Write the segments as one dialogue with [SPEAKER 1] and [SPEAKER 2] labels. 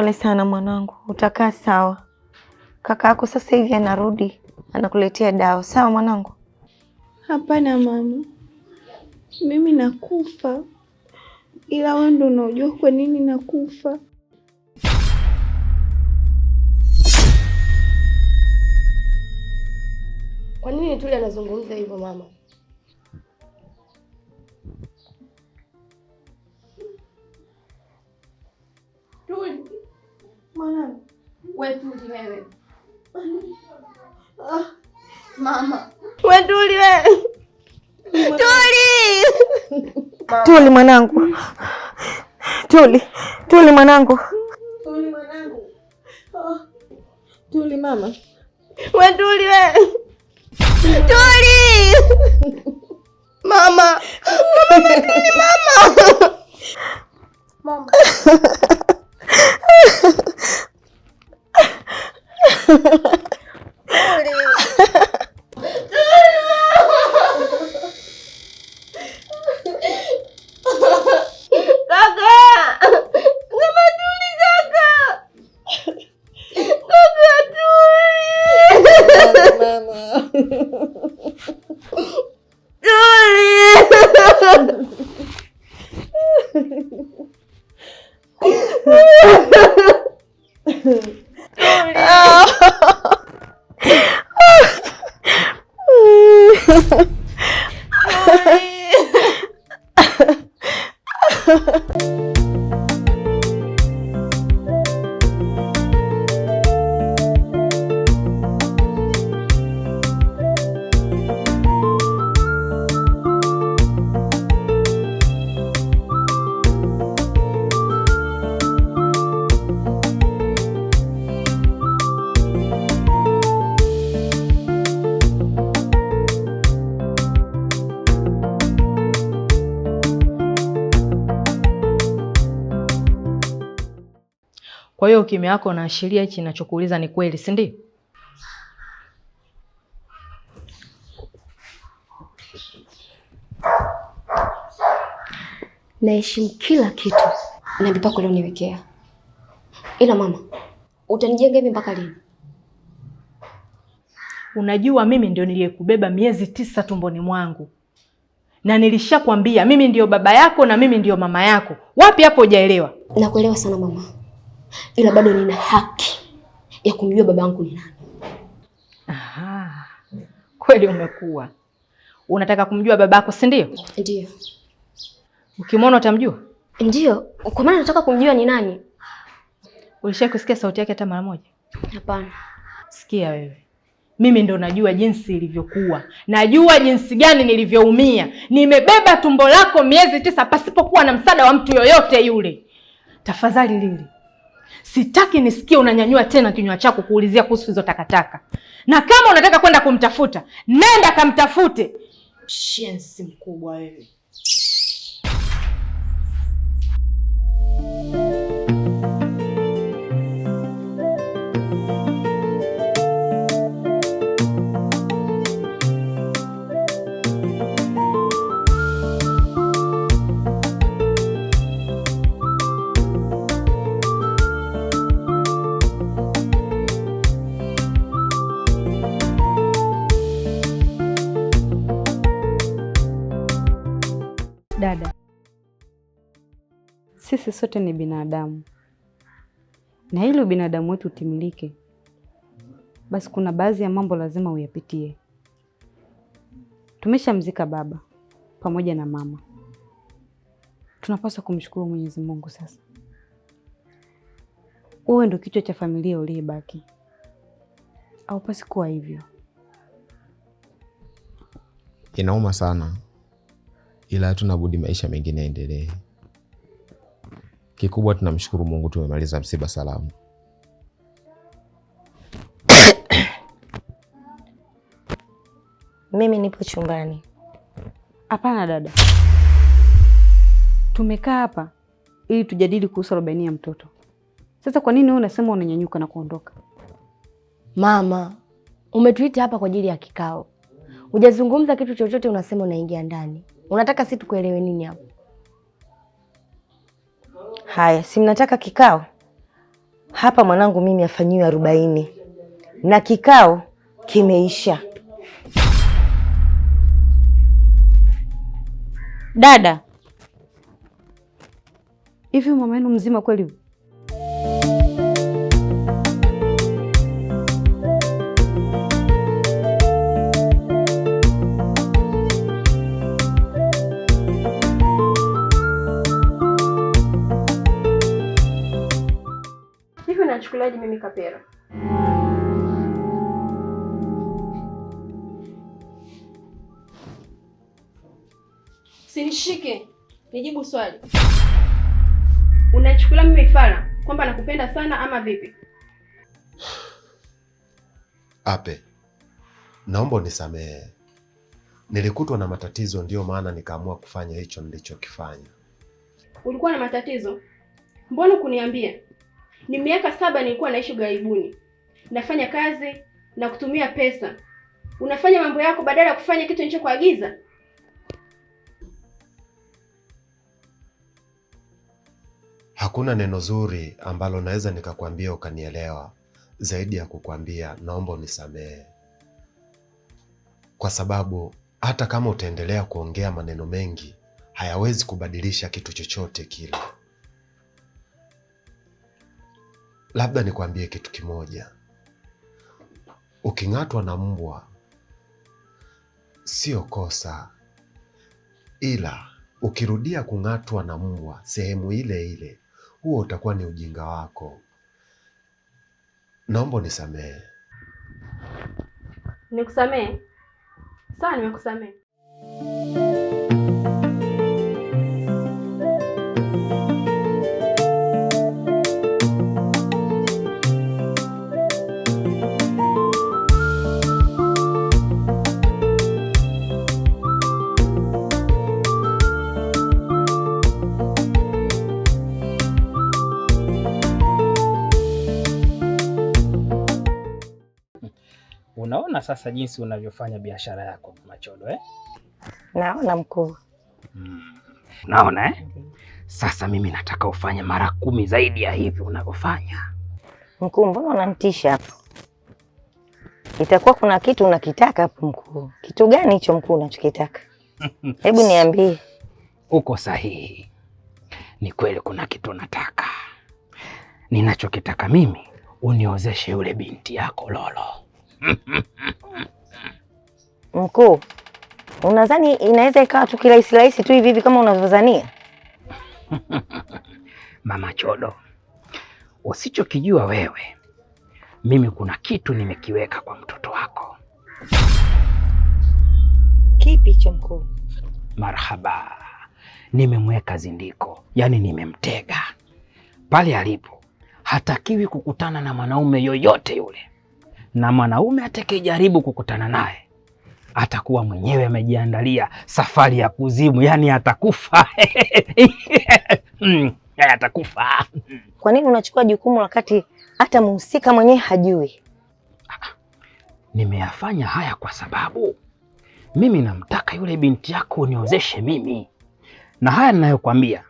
[SPEAKER 1] Pole sana mwanangu, utakaa sawa. Kaka yako sasa hivi anarudi, anakuletea dawa. Sawa mwanangu?
[SPEAKER 2] Hapana mama, mimi nakufa, ila wewe ndio unajua kwa nini nakufa.
[SPEAKER 1] Kwa nini Tuli anazungumza hivyo mama? Mwanangu wetuli wewe. Ah, mama
[SPEAKER 2] wetuli wewe. Tuli,
[SPEAKER 1] tuli mwanangu, tuli, tuli mwanangu, tuli mwanangu, tuli ah. mama,
[SPEAKER 2] wetuli wewe. Tuli
[SPEAKER 1] mama, mama, tuli mama, mama. こ れ
[SPEAKER 3] hiyo ukimya wako unaashiria hichi ninachokuuliza ni kweli, si ndio?
[SPEAKER 4] Naheshimu kila kitu na mipaka ulioniwekea, ila mama, utanijenga hivi mpaka lini?
[SPEAKER 3] Unajua mimi ndio niliyekubeba miezi tisa tumboni mwangu, na nilishakwambia mimi ndio baba yako na mimi ndio mama yako. Wapi hapo hujaelewa?
[SPEAKER 4] Nakuelewa sana mama ila bado nina haki ya kumjua babangu ni nani.
[SPEAKER 3] Aha. Kweli umekuwa unataka kumjua babako, si ndio? Ndio. Ukimwona utamjua?
[SPEAKER 4] Ndio, kwa maana nataka kumjua ni nani.
[SPEAKER 3] Ulisha kusikia sauti yake hata mara moja? Hapana. Sikia wewe, mimi ndo najua jinsi ilivyokuwa, najua jinsi gani nilivyoumia. Nimebeba tumbo lako miezi tisa pasipokuwa na msaada wa mtu yoyote yule. Tafadhali Lili, Sitaki nisikie unanyanyua tena kinywa chako kuulizia kuhusu hizo takataka, na kama unataka kwenda kumtafuta nenda kamtafute. Shensi mkubwa wewe.
[SPEAKER 5] sote ni binadamu, na ili ubinadamu wetu utimilike, basi kuna baadhi ya mambo lazima uyapitie. Tumeshamzika baba pamoja na mama, tunapaswa kumshukuru Mwenyezi Mungu. Sasa wewe ndo kichwa cha familia uliyebaki, au pasi kuwa hivyo.
[SPEAKER 6] Inauma sana, ila hatuna budi, maisha mengine yaendelee. Kikubwa tunamshukuru Mungu tumemaliza msiba salama.
[SPEAKER 4] Mimi nipo chumbani.
[SPEAKER 3] Hapana dada, tumekaa hapa ili tujadili kuhusu arobaini ya mtoto. Sasa kwa nini wewe unasema unanyanyuka na kuondoka?
[SPEAKER 4] Mama, umetuita hapa kwa ajili ya kikao, hujazungumza kitu chochote, unasema unaingia ndani. Unataka si tukuelewe nini hapo?
[SPEAKER 7] Haya, si mnataka kikao hapa? Mwanangu mimi afanyiwe arobaini na kikao kimeisha.
[SPEAKER 5] Dada, hivi mama yenu mzima kweli?
[SPEAKER 4] mchungaji Mimi Kapera. Sinishike, nijibu swali. Unaichukulia Mimi Fara kwamba nakupenda sana ama vipi?
[SPEAKER 6] Ape, naomba unisamehe, nilikutwa na matatizo, ndiyo maana nikaamua kufanya hicho nilichokifanya.
[SPEAKER 4] Ulikuwa na matatizo? Mbona kuniambia? Ni miaka saba nilikuwa naishi ugaibuni, nafanya kazi na kutumia pesa. Unafanya mambo yako badala ya kufanya kitu nilichokuagiza.
[SPEAKER 6] Hakuna neno zuri ambalo naweza nikakwambia ukanielewa zaidi ya kukwambia naomba unisamehe, kwa sababu hata kama utaendelea kuongea maneno mengi hayawezi kubadilisha kitu chochote kile. Labda nikwambie kitu kimoja, uking'atwa na mbwa sio kosa, ila ukirudia kung'atwa na mbwa sehemu ile ile, huo utakuwa ni ujinga wako. Naomba nisamee
[SPEAKER 4] Nikusamehe? Sawa, nimekusamehe.
[SPEAKER 8] naona sasa jinsi unavyofanya biashara yako Machodo eh?
[SPEAKER 7] Naona mkuu. Hmm.
[SPEAKER 8] Naona eh? Sasa mimi nataka ufanye mara kumi zaidi ya hivi unavyofanya.
[SPEAKER 7] Mkuu, mbona unamtisha hapo? Itakuwa kuna kitu unakitaka hapo mkuu. Kitu gani hicho mkuu unachokitaka? Hebu niambie.
[SPEAKER 8] Uko sahihi, ni kweli kuna kitu nataka. Ninachokitaka mimi uniozeshe yule binti yako Lolo.
[SPEAKER 7] Mkuu, unadhani inaweza ikawa tu kirahisi rahisi tu hivi hivi kama unavyodhania?
[SPEAKER 8] Mama Chodo, usichokijua wewe, mimi kuna kitu nimekiweka kwa mtoto wako.
[SPEAKER 7] Kipi hicho mkuu?
[SPEAKER 8] Marhaba, nimemweka zindiko, yaani nimemtega pale alipo, hatakiwi kukutana na mwanaume yoyote yule na mwanaume atakayejaribu kukutana naye atakuwa mwenyewe amejiandalia safari ya kuzimu, yaani atakufa mm, yaani atakufa.
[SPEAKER 7] Kwa nini unachukua jukumu wakati hata mhusika mwenyewe hajui?
[SPEAKER 8] Nimeyafanya haya kwa sababu mimi namtaka yule binti yako uniozeshe mimi, na haya ninayokwambia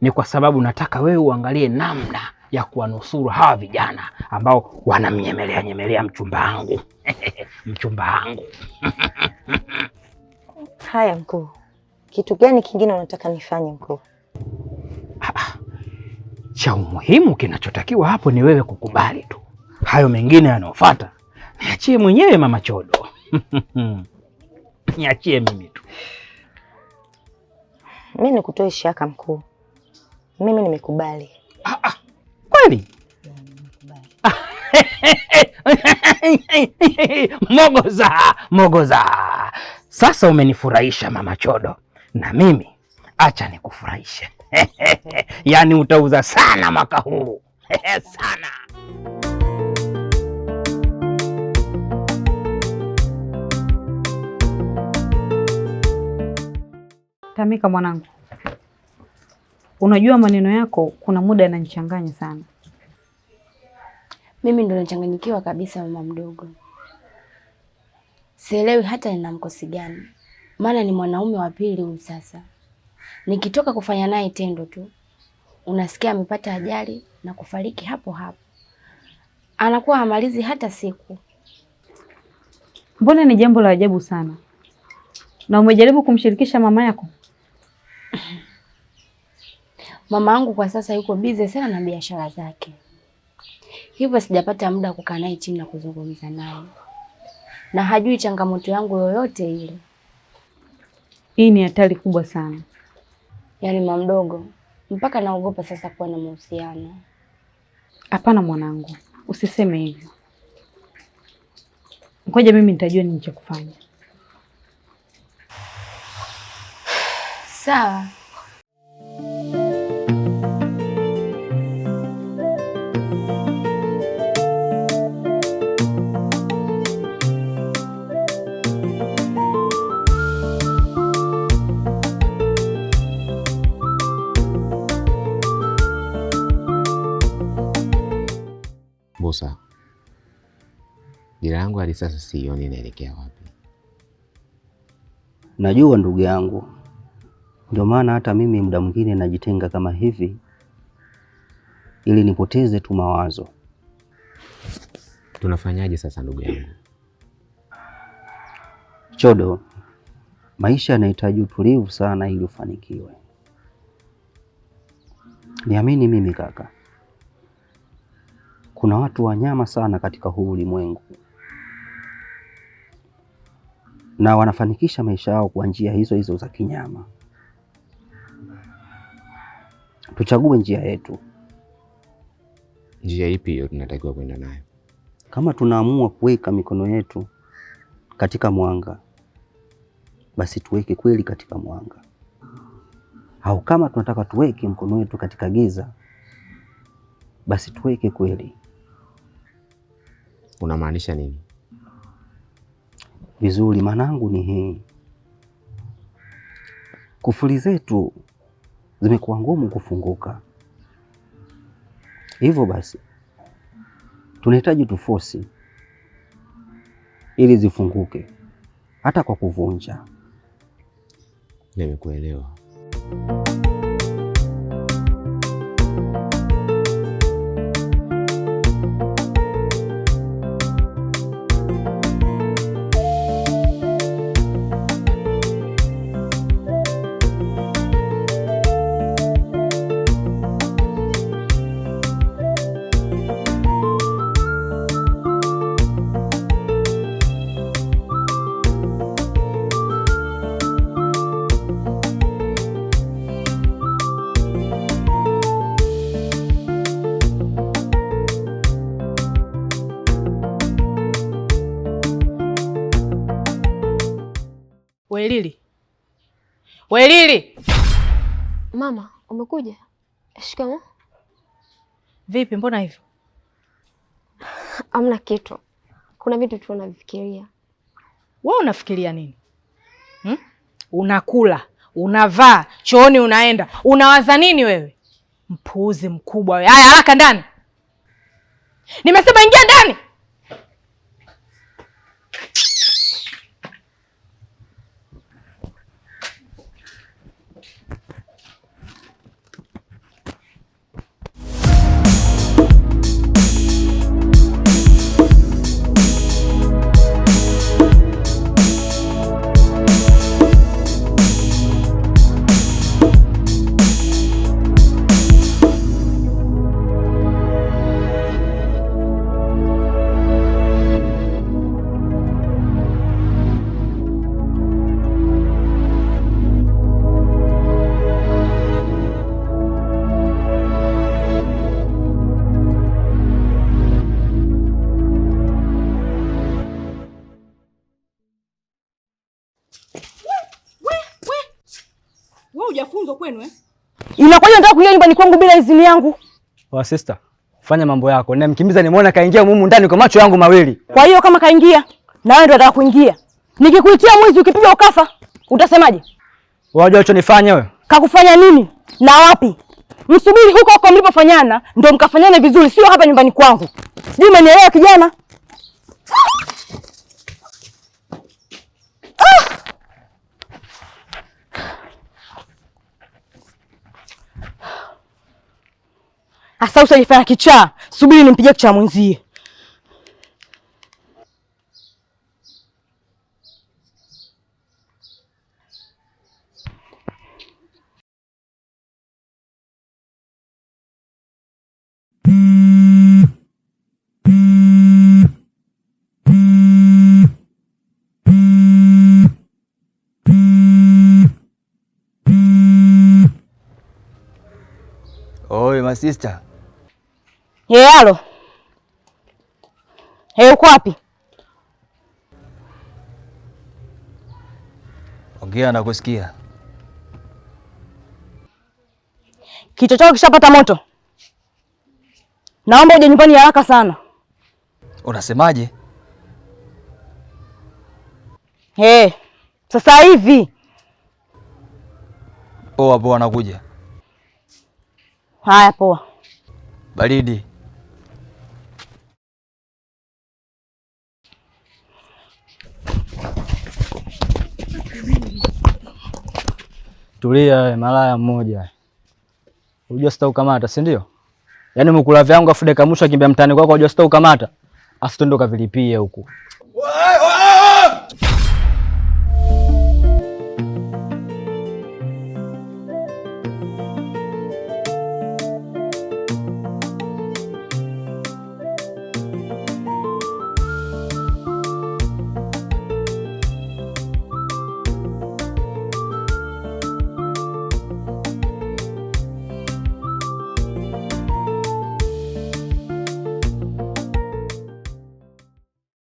[SPEAKER 8] ni kwa sababu nataka wewe uangalie namna ya kuwanusuru hawa vijana ambao wanamnyemelea nyemelea mchumba wangu mchumba wangu
[SPEAKER 7] Haya mkuu, kitu gani kingine unataka nifanye mkuu?
[SPEAKER 8] Ah, ah. Cha umuhimu kinachotakiwa hapo ni wewe kukubali tu, hayo mengine yanayofuata niachie mwenyewe mama Chodo. niachie mimi tu.
[SPEAKER 7] Mi nikutoe shaka mkuu, mimi nimekubali.
[SPEAKER 8] Ah, ah. Umekubali? Mogoza, mogoza. Sasa umenifurahisha mama chodo, na mimi acha nikufurahishe. Yaani utauza sana mwaka huu sana.
[SPEAKER 3] Tamika mwanangu, unajua maneno yako kuna muda yananichanganya sana.
[SPEAKER 4] Mimi ndo nachanganyikiwa kabisa, mama mdogo. Sielewi hata nina mkosi gani, maana ni mwanaume wa pili huyu. Sasa nikitoka kufanya naye tendo tu, unasikia amepata ajali na kufariki hapo hapo, anakuwa hamalizi hata siku.
[SPEAKER 3] Mbona ni jambo la ajabu sana. Na umejaribu kumshirikisha mama yako?
[SPEAKER 4] Mama yangu kwa sasa yuko bize sana na biashara zake hivyo sijapata muda wa kukaa naye chini na kuzungumza naye, na hajui changamoto yangu yoyote ile.
[SPEAKER 3] Hii ni hatari kubwa sana,
[SPEAKER 4] yaani mamdogo, mpaka naogopa sasa kuwa na mahusiano.
[SPEAKER 3] Hapana mwanangu, usiseme hivyo. Ngoja mimi nitajua nini cha kufanya.
[SPEAKER 4] Sawa.
[SPEAKER 9] yangu hadi sasa sioni inaelekea wapi. Najua ndugu yangu, ndio maana hata mimi muda mwingine najitenga kama hivi ili nipoteze tu mawazo. Tunafanyaje sasa ndugu yangu? Chodo, maisha yanahitaji utulivu sana ili ufanikiwe. Niamini mimi kaka, kuna watu wanyama sana katika huu ulimwengu na wanafanikisha maisha yao kwa njia hizo hizo za kinyama. Tuchague njia yetu. Njia ipi hiyo tunatakiwa kwenda nayo? Kama tunaamua kuweka mikono yetu katika mwanga, basi tuweke kweli katika mwanga, au kama tunataka tuweke mkono wetu katika giza, basi tuweke kweli. Unamaanisha nini? vizuri. yangu ni hii, kufuli zetu zimekuwa ngumu kufunguka, hivyo basi tunahitaji tufosi ili zifunguke, hata kwa kuvunja. Nimekuelewa.
[SPEAKER 10] Welili, Welili!
[SPEAKER 11] Mama, umekuja? Shikamo.
[SPEAKER 10] Vipi, mbona hivyo?
[SPEAKER 11] amna kitu, kuna vitu tu unavifikiria.
[SPEAKER 10] Wewe unafikiria nini hmm? Unakula, unavaa, chooni unaenda, unawaza nini wewe? Mpuuzi mkubwa wewe! Haya, haraka ndani! Nimesema ingia ndani!
[SPEAKER 12] kuingia nyumbani kwangu bila idhini yangu.
[SPEAKER 13] Poa oh, sister, fanya mambo yako. Nimemkimbiza nimeona kaingia mumu ndani kwa macho yangu mawili.
[SPEAKER 12] Kwa hiyo kama kaingia na wewe ndio unataka kuingia. Nikikuitia mwizi ukipiga ukafa, utasemaje?
[SPEAKER 13] Unajua nifanye wewe?
[SPEAKER 12] Kakufanya nini? Na wapi? Msubiri huko huko mlipofanyana ndio mkafanyane vizuri, sio hapa nyumbani kwangu. Sijui umenielewa kijana? Ah! Asa usajifanya kichaa, subiri nimpige kichaa mwenzie.
[SPEAKER 13] masista.
[SPEAKER 10] Ye halo. Hey, uko wapi?
[SPEAKER 13] Ongea na kusikia.
[SPEAKER 10] Kichwa chako kishapata moto. Naomba uje nyumbani haraka sana.
[SPEAKER 13] Unasemaje?
[SPEAKER 10] Hey, sasa hivi.
[SPEAKER 13] Oh, poa poa, anakuja. Haya, poa. Baridi.
[SPEAKER 14] Tulia wewe, malaya mmoja. Unajua sita ukamata, si ndio? Yaani mkula vyangu afu dakika mwisho akimbia mtani kwako, unajua sita ukamata. Asitondoka vilipie huku.